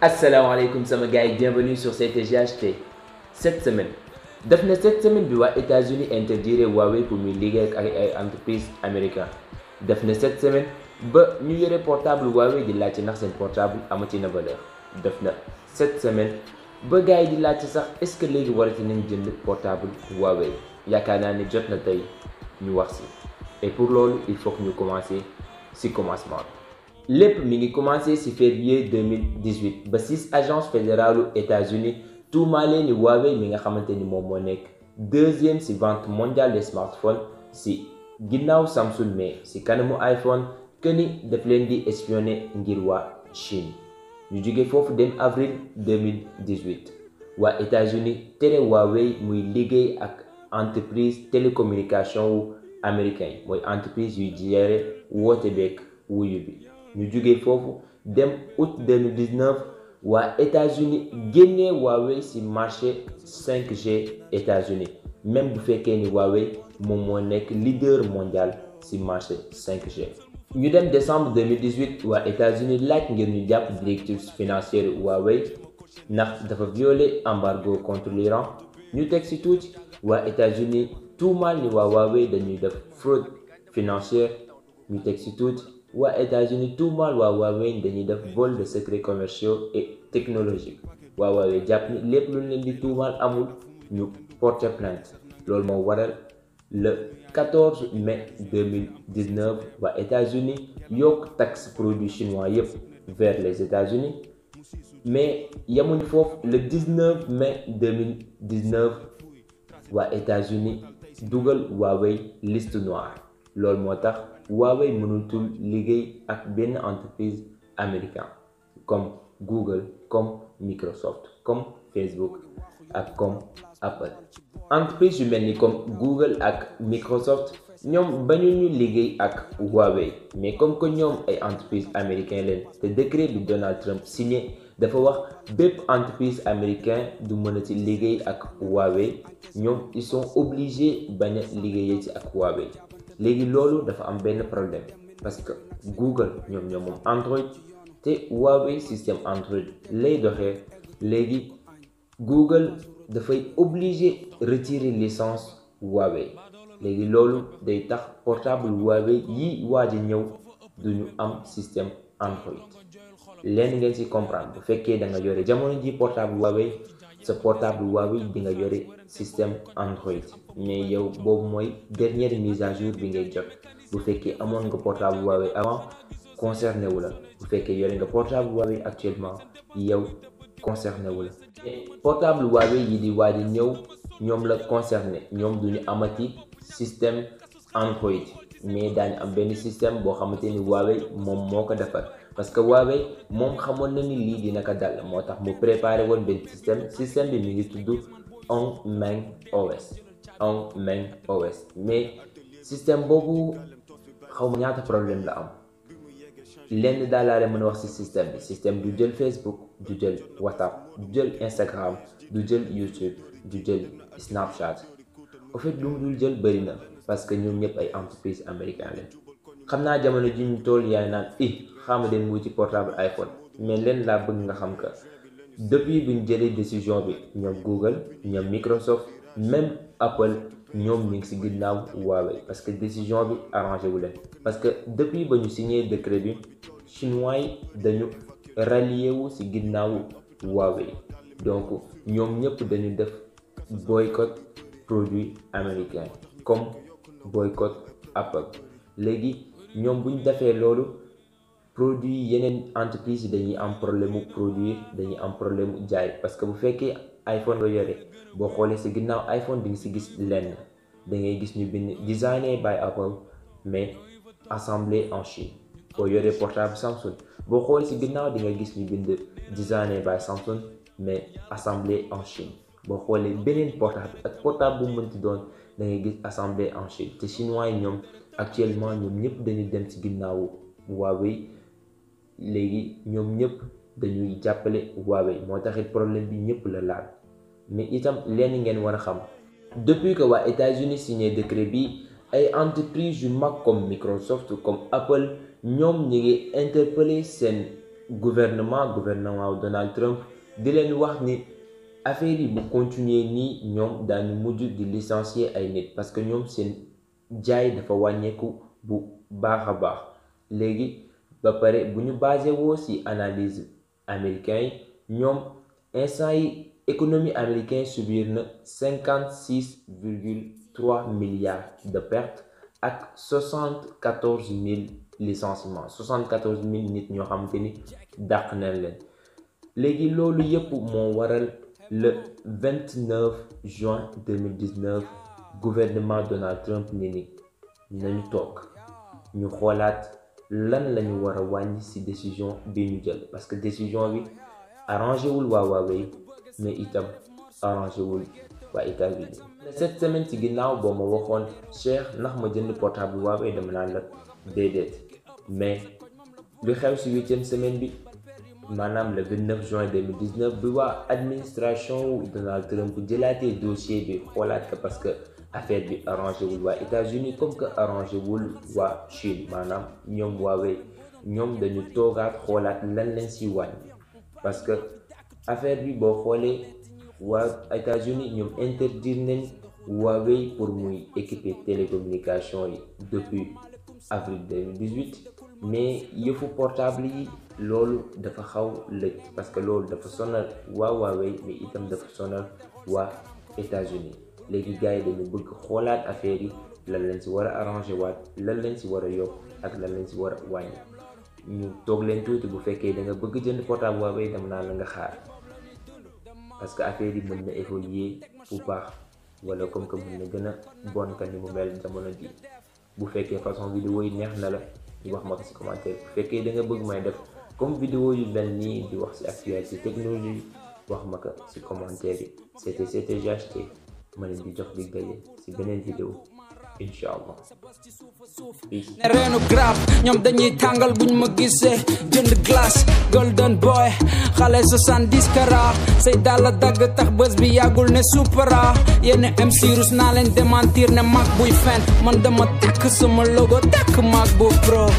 asalaamaaleykum sama gars yi bienvenue sur CTGHT cette semaine def na cette semaine bi waa États-Unis interdire Huawei pour muy liggéey ak ay entreprise américain def na cette semaine ba ñu yore portable Huawei di laajte ndax seen portable amati na valeur def na cette semaine ba gars yi di laajte sax est-ce que léegi warati nañ jënd portable Huawei yaakaar naa ne jot na tey ñu wax si e pour loolu il faut que ñu commencer ci commencement lépp mi ngi commencé ci février 2018 ba six agences fédéralu États-Unis tuumaalee ni Huawei mi nga xamante ni moom moo nekk deuxième ci vente mondial des smartphones ci ginnaaw Samsung mais ci kanamu iPhone que ni daf leen di espionner ngir waa Chine ñu jóge foofu dem avril 2018 waa États-Unis tere Huawei muy liggéey ak entreprise télécommunication wu américain mooy entreprise yuy gérer woote beeg wuyu bi ñu jógee foofu dem août 2019 waa États-Unis génnee Huawei ci marché 5G États-Unis même bu fekkee ni Huawei moom moo nekk leader mondial ci marché 5G. ñu dem décembre 2018 waa États-Unis laaj ngir ñu jàpp directive financière Huawei ndax dafa violer embargo contre l'Iran ñu teg ci tuuti waa états tuumaal ni waa Huawei dañuy def fraude financière ñu teg ci tuuti waa États-Unis tuumaal waa Huawei dañuy def vol de secrets commerciaux et technologiques waa Huawei jàpp ni lépp lu leen di tuumaal amul ñu porter plainte loolu moo waral le 14 mai 2019 waa États-Unis yokk taxe produits chinois yépp vers les états mais yamuñ foofu le mai 2019 waa états dugal Huawei list noire loolu moo tax Huawei mënutul liggéey ak benn entreprise américain comme Google comme Microsoft comme Facebook ak comme Apple entreprise yu mel comme Google ak Microsoft ñoom bañu ñu liggéey ak Huawei mais comme que ñoom ay entreprise américain leen te décret bi Donald Trump signé dafa wax bépp entreprise américain du mën a ci liggéey ak Huawei ñoom ils sont obligés bañ liggéeyee ci ak Huawei léegi loolu dafa am benn problème parce que Google ñoom ñoom moom Android te Huawei système Android lay doxee léegi Google dafay obligé retirer licence Huawei léegi loolu day tax portable Huawei yi waaj a ñëw duñu am système Android lenn ngeen ci comprendre bu fekkee danga nga yore jamono ji portable Huawei sa portable Huawei di nga yore système Android mais yow boobu mooy dernière mise à bi ngay jot bu fekkee amoon nga portable Huawei avant concerné wu la bu fekkee yore nga portable Huawei actuellement yow concerné wu la portable Huawei yi di waaj ñëw ñoom la concerné ñoom duñu amati système Android mais daañu am benn système boo xamante ni Huawei moom moo ko defar parce que Huawei moom xamoon na ni lii dina ko dal moo tax mu préparé woon benn système système bi mi ngi tudd Hongmeng OS Hongmeng OS mais système boobu xaw ma ñaata problème la am lenn daal laa mën a wax ci système bi système du jël Facebook du jël WhatsApp du jël Instagram du jël YouTube du jël Snapchat au fait dul jël bëri na parce que ñoom ñëpp ay entreprise américain lañ xam naa jamono ji ñu tool yaay naan i xaama dem wu ci portable iPhone mais leen laa bëgg nga xam que depuis bi ñu jëlee décision bi ñoom Google ñoom Microsoft même Apple ñoom ñu ngi si ginnaaw Huawei parce que décision bi arrangé wu leen parce que depuis ba ñu signé décret bi chinois yi dañu rallié wu si ginnaaw Huawei donc ñoom ñëpp dañu def boycott produits américains comme boycott Apple léegi ñoom bu ñu defee loolu produit yeneen entreprise yi dañuy am problème mu produire dañuy am problème mu jaay parce que bu fekkee iPhone nga yore boo xoolee si ginnaaw iPhone di nga si gis lenn da ngay gis ñu bind designé by Apple mais assemblé en Chine boo yoree portable Samsung boo xoolee si ginnaaw di nga gis ñu bind designé by Samsung mais assemblé en Chine. boo xoolee beneen portable ak portable bu mënti doon da ngay gis assemblée en Chine te chinois ñoom actuellement ñoom ñëpp dañuy dem ci ginnaawu Huawei léegi ñoom ñëpp dañuy jàppale Huawei moo taxit problème bi ñëpp la laal mais itam lenn ngeen war a xam depuis que waa États-Unis signé décret bi ay entreprise yu mag comme Microsoft comme Apple ñoom ñu ngi interpellé seen gouvernement gouvernement Donald Trump di leen wax ni affaire yi bu continuer nii ñoom daañu mujj di licencier ay nit parce que ñoom seen jaay dafa wàññeeku bu baax a baax léegi ba pare bu ñu basé woo ci analyse américain yi ñoom instant yi économie américain subir na cinquante six virgule trois milliards de pertes ak soixante quatorze mille licenciements soixante quatorze mille nit ñoo xamante ni dàq na leen léegi loolu yépp moo waral. le 29 juin 2019 gouvernement Donald Trump ni ni nañu toog ñu xoolaat lan lañu war a wàññi ci décision bi ñu jël parce que décision bi arrangé wul waa Huawei mais itam arrangé wul waa États-Unis cette semaine ci ginnaaw boo ma waxoon Cheikh ndax ma jënd portable Huawei dama naan la déedéet mais lu xew ci huitième semaine bi maanaam le 29 juin 2019 bi waa administration wu Donald Trump jëlaatee dossier bi xoolaat ko parce que affaire bi arrangé waa États-Unis comme que arrangé wul waa Chine maanaam ñoom waawee ñoom dañu toogaat xoolaat lan lañ si wàññi parce que affaire bi boo xoolee waa États-Unis ñoom interdire nañ Huawei pour muy équiper télécommunication yi depuis avril mais yëfu portable yi loolu dafa xaw lëj parce que loolu dafa sonal waa Huawei itam dafa sonal waa États-Unis léegi gars yi dañu bëgg xoolaat affaire yi lan lañ si war a arrangé waat lan lañ si war a yokk ak lan lañ si war a wàññi ñu toog leen tuuti bu fekkee da nga bëgg jënd portable Huawei dem naa la nga xaar parce que affaire yi mën na évoluer bu baax wala comme que mën na gën a bon ka ni mu mel jamono ji bu fekkee façon vidéo yi neex na la di wax ma ko si commentaire bu fekkee da nga bëgg may def comme vidéo yu mel nii di wax si actualité technologie wax ma ko si commentaire yi c'était c'était GHT ma leen di jox di gaye si beneen vidéo incha allah. ne reenu grab ñoom dañuy tàngal buñ ma gisee jënd glace golden boy xale 70 kara say dàlla dagg tax bés bi yàggul ne supara yenn MC rus naa leen démentir ne mag buy fen man dama takk sama logo takk mag bu pro